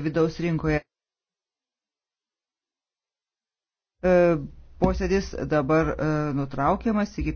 vidaus rinkoje. E, posėdis dabar e, nutraukiamas iki